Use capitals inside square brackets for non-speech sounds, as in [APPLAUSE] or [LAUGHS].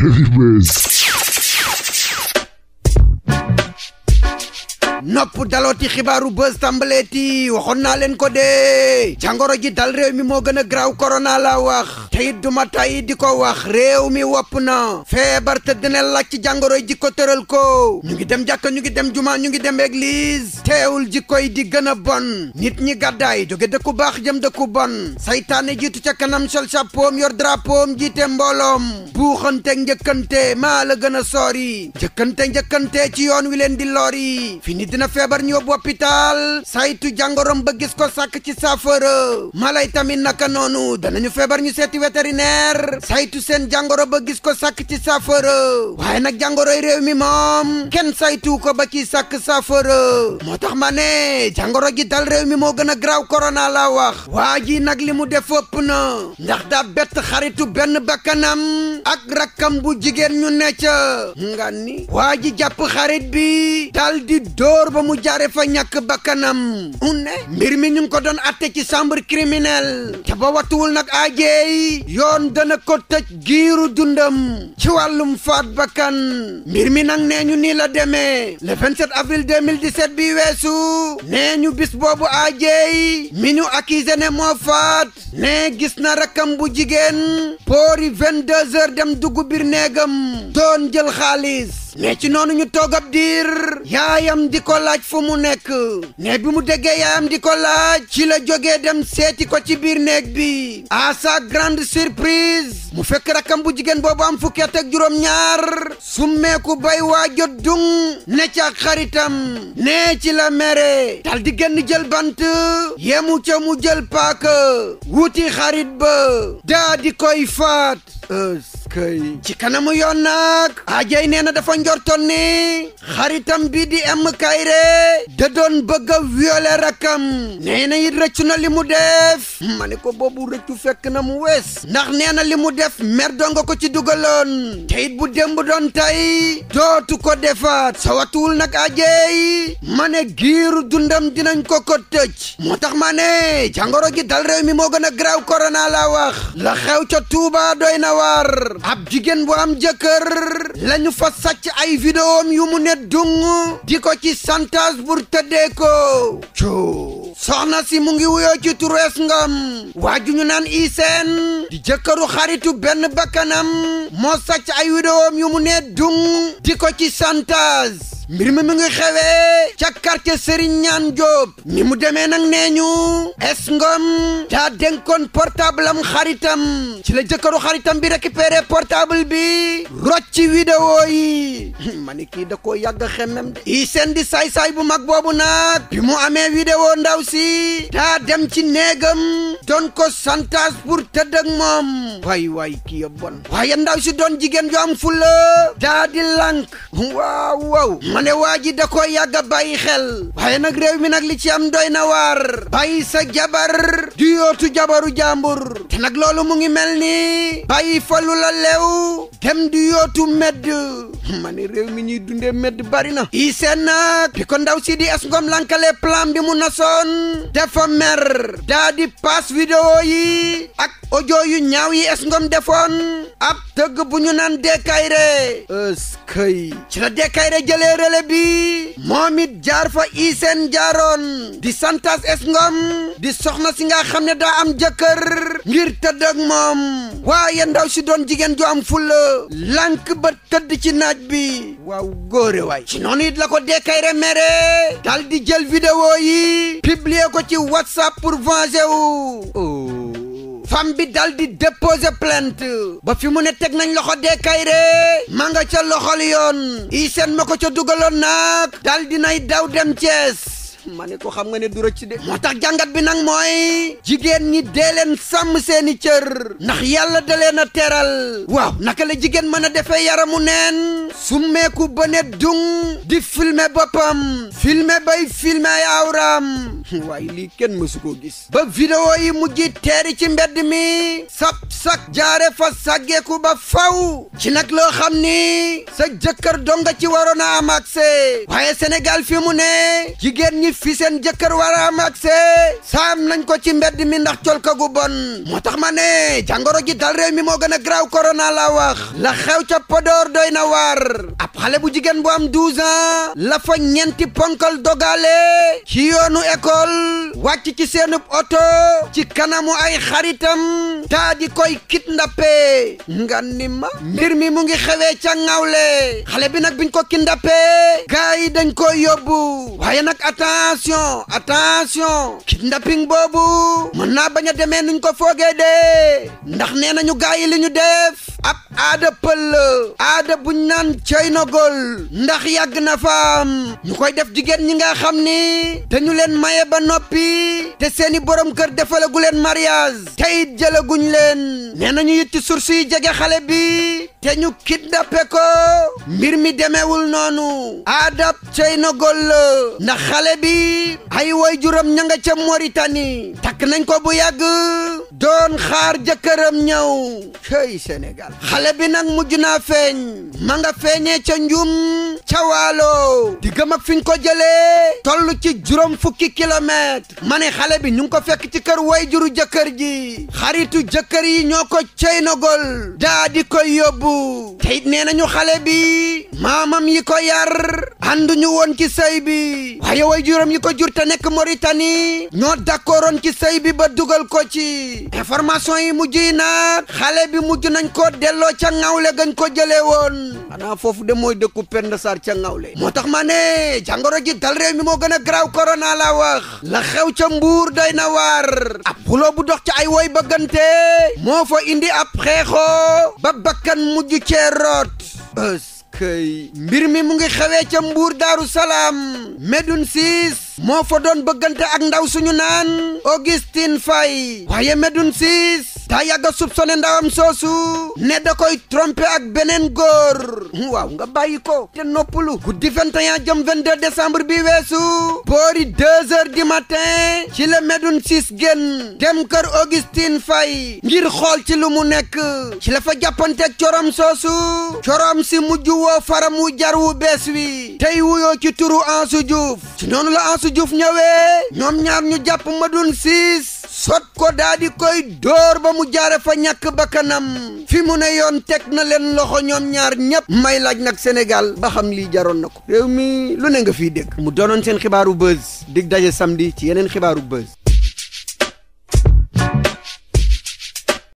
Heavyweights. nopp dalooti xibaaru buzz tàmbaleeti waxoon naa leen ko dee jàngoro ji dal réew mi moo gën a graaw korona la wax te ma duma tàyyi di ko wax réew mi wopp na feebar te dina laaj ci jàngoro jikko tëral ko ñu ngi dem jàkka ñu ngi dem juma ñu ngi dem église teewul ji yi di gën a bon nit ñi gàddaay jóge dëkku baax jëm dëkku bon saytaane jiitu ca kanam sol sapoom yor drapoom jiite mbooloom buuxante njëkkante maa la gën a soori njëkkante njëkkante ci yoon wi leen di lori na feebar ñu yóbbu hôpital saytu jàngoroom ba gis ko sàkk ci saafara malay yi tamit naka noonu danañu feebar ñu seeti vétérinaire saytu seen jàngoro ba gis ko sàkk ci saafara waaye nag jàngoroy réew mi moom kenn saytu ko ba ci sàkk saafara moo tax ma ne jàngoro ji dal réew mi moo gën a graaw corona la wax waa ji nag li mu def ëpp na ndax daa bett xaritu benn bakkanam ak rakkam bu jigéen ñu ne ca waa ji jàpp xarit bi dal di dóor door ba mu jaare fa ñàkk bakkanam unne mbir mi ñu ko doon atte ci chambre criminelle te ba wattuwul nag aajeey yoon dana ko tëj giiru dundam ci wàllum faat bakkan mbir mi nag nee ñu nii la demee le 27 avril 2017 bi weesu nee ñu bis boobu aajeey mi ñu accusé moo faat nee gis na rakkam bu jigéen poori 22 heures dem dugg néegam doon jël xaalis mais ci noonu ñu toog ab diir yaayam di ko laaj fu mu nekk ne bi mu déggee yaayam di ko laaj ci la jógee dem seeti ko ci biir néeg bi à sa grande surprise mu fekk rakkam bu jigéen boobu am fukki at ak juróom-ñaar summeeku bay waa jot dung ne ca xaritam nee ci la mere dal di génn jël bant yemu ca mu jël paaka wuti xarit ba daa di koy faat. ci kanamu yoon nag ajay nee na dafa njortoon ni xaritam bi di M Kayre da doon bëgg a violer na it rëccu na li mu def ma ne ko boobu rëccu fekk na mu wees ndax nee na li mu def mer doo ko ci dugaloon te it bu démb doon tey dootu ko defaat sa watuwul nag ajay ma ne giiru dundam dinañ ko ko tëj moo tax ma ne jàngoro gi dal réew mi moo gën a graw korona laa wax la xew ca Tuuba doy na waar ab jigéen bu am jëkkër lañu fa sàcc ay vidéom yu mu ne dung di ko ci santage pour tëddee ko na si mu ngi wuyoo ci turees ngam waaju ñu naan iseen di jëkkëru xaritu benn bakkanam moo sàcc ay vidéom yu mu ne dung di ko ci santage mbir mi mi ngi xewee ca quartier Serigne Ñaan Diop ni mu demee nag nee ñu es ngom daa dénkoon portable am xaritam ci la jëkkëru xaritam bi récupéré portable bi rocci vidéo yi [LAUGHS] ma kii da ko yàgg xemmem de i seen di saay bu mag boobu nag bi mu amee vidéo ndaw si daa dem ci néegam doon ko santage pour tëdd moom waay waay kii ya bon waaye ndaw si doon jigéen ju am fulla daa di lànk [LAUGHS] waaw waaw ma ne waa ji da koo xel waaye nag réew mi nag li ci am doy na waar bàyyi sa jabar di yootu jabaru jàmbur te nag loolu mu ngi mel ni bàyyi fa lu la lew dem di yootu medd ma ne réew mi ñuy dundee medd bari na i seen nag bi ko ndaw si di es ngom lankale plan bi mu nasoon dafa mer daa paas vidéo audio yu ñaaw yi es ngom defoon ab tëgg bu ñu naan Dekayre eskay ci la Dekayre jëlee relais bi moom it jaar fa Isen jaaroon di santas es ngom di soxna si nga xam ne daa am jëkkër ngir tëdd ak moom waaye ndaw si doon jigéen ju am fulla lànk ba tëdd ci naaj bi waaw góore waay ci noonu it la ko Dekayre mere dal di jël vidéo yi publier ko ci WhatsApp pour venger femme bi dal di déposer plainte ba fi mu ne teg nañ loxo dee kayre maa nga ca loxol yoon i seen ma ko ca dugaloon nag dal di nay daw dem Thiès ma ko xam nga ne du rëcc de moo tax jàngat bi nag mooy jigéen ñi dee sàmm seeni cër ndax yàlla da leen a teral waaw naka la jigéen mën a defee yaramu neen summeeku ba ne dung di filmer boppam filmer bay filmer ay awraam [LAUGHS] waaye lii kenn mësu koo gis ba vidéo yi mujj teeri ci mbedd mi sab sak jaare fa sàggeeku ba faw ci nag loo xam ni sa jëkkër donga ci waroon a am accès waaye Sénégal fi mu ne jigéen ñi fi seen jëkkër war a saam nañ ko ci mbedd mi ndax colka gu bon moo tax ma ne jàngoro ji dal réew mi moo gën a graaw corona la wax la xew ca Podor doy na waar ab xale bu jigéen bu am 12 ans la fa ñeenti ponkal dogale ci yoonu école wàcc ci seenub oto ci kanamu ay xaritam daa di koy kidnappé nga ni ma mbir mi mu ngi xewee ca ŋawle xale bi nag biñ ko kidnappé gaa yi dañ koy yóbbu waaye nag attends attention attention kidnapping boobu mën naa bañ a demee nuñ ko foogee de ndax nee nañu gaa yi li ñu def ab aada pël la aada buñ naan ceynogol ndax yàgg na faam ñu koy def jigéen ñi nga xam ni dañu leen maye ba noppi te seeni borom kër defalagu leen mariage tey it jëlaguñ leen nee nañu it ci source yi jege xale bi te ñu kidnappé ko mbir mi demewul noonu aadab cey na ndax xale bi ay way juram ña nga ca Mauritanie takk nañ ko bu yàgg doon xaar jëkkëram ñëw cey Sénégal xale bi nag mujj naa feeñ ma feeñee ca njum ca waalo diggam ak fi ko jëlee toll ci juróom fukki kilomètre ma ne xale bi ñu ngi ko fekk ci kër way juru jëkkër ji xaritu jëkkër yi ñoo ko cey na di koy yóbbu te it nee xale bi maamam yi ko yar ànduñu woon ci sëy bi waaye way juróom yi ko jur te nekk Mauritanie ñoo d'accordoon ci sëy bi ba dugal ko ci information yi mujj yi nag xale bi mujj nañ ko delloo ca ŋawle gañ ko jëlee woon xanaa foofu de mooy dëkku Penda Sarr ca moo tax ma ne jàngoro ji dal réew mi moo gën a garaaw corona la wax la ca mbuur day na waar ab xuloo bu dox ci ay woy bëggante moo fa indi ab xeexoo ba bakkan mujj cee root mbir mi mu ngi xewee ca mbuur daaru salaam Médoune Ciss moo fa doon bëggante ak ndaw suñu naan Augustine Faye waaye Médoune Ciss daa yàgg a soupçonné ndawam soosu ne da koy trompé ak beneen góor waaw nga bàyyi ko te noppalu guddi 21 jëm 22 bi weesu boori 2 heures matin ci la Médoune Ciss gen dem kër Augustine Faye ngir xool ci lu mu nekk ci la fa jàppanteeg corom soosu corom si mujj woo faram wu jar wu bees wi tey wuyoo ci turu Ansu Diouf ci noonu la Ansu Diouf ñëwee ñoom ñaar ñu jàpp Médoune Ciss sot ko daa koy dóor ba mu jaare fa ñàkk bakkanam fi mu ne yoon teg na leen loxo ñoom ñaar ñëpp may laaj nag Sénégal ba xam lii jaroon na ko réew mi lu ne nga fiy dégg mu doonoon seen xibaaru buzz dig daje samedi ci yeneen xibaaru buzz